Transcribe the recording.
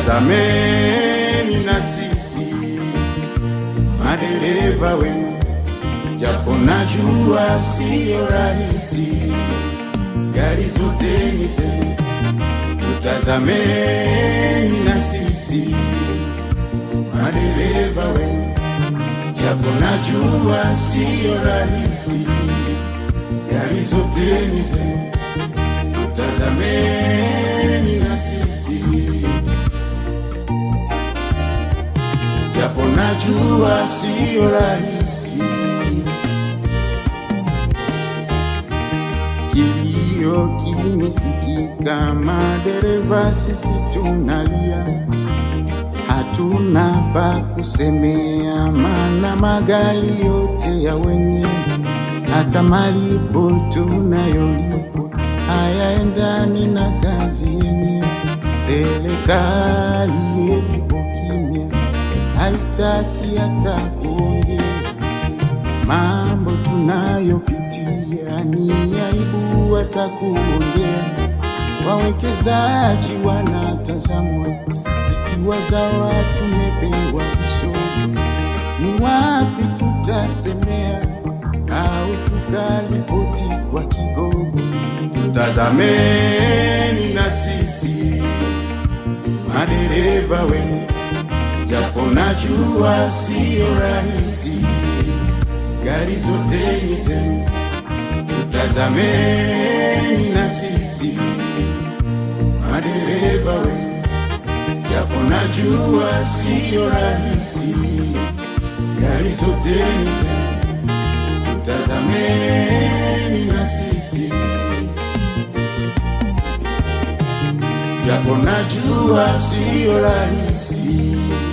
Tazameni na sisi madereva wenu, japo najua siyo rahisi, gari zote ni zenu. Tutazameni na sisi madereva wenu, japo najua siyo rahisi, gari zote ni zenu. Tutazameni najua siyo rahisi, kilio kimesikika, madereva sisi tunalia, hatuna pa kusemea, mana magari yote ya wenye, hata malipo tunayolipwa hayaendani na kazi yenye. Serikali yetu kimya haitaki hata kuongea. Mambo tunayopitia ni aibu hata kuongea. Wawekezaji wanatazamwa, sisi wazawa tumepewa kisogo. Ni wapi tutasemea au tukaripoti kwa kigogo? tutazameni na sisi madereva wenu japo najua siyo rahisi. Gari zote ni zenu, tutazameni na sisi madereva wenu, japo najua siyo rahisi. Gari zote ni zenu, tutazameni na sisi japo najua siyo rahisi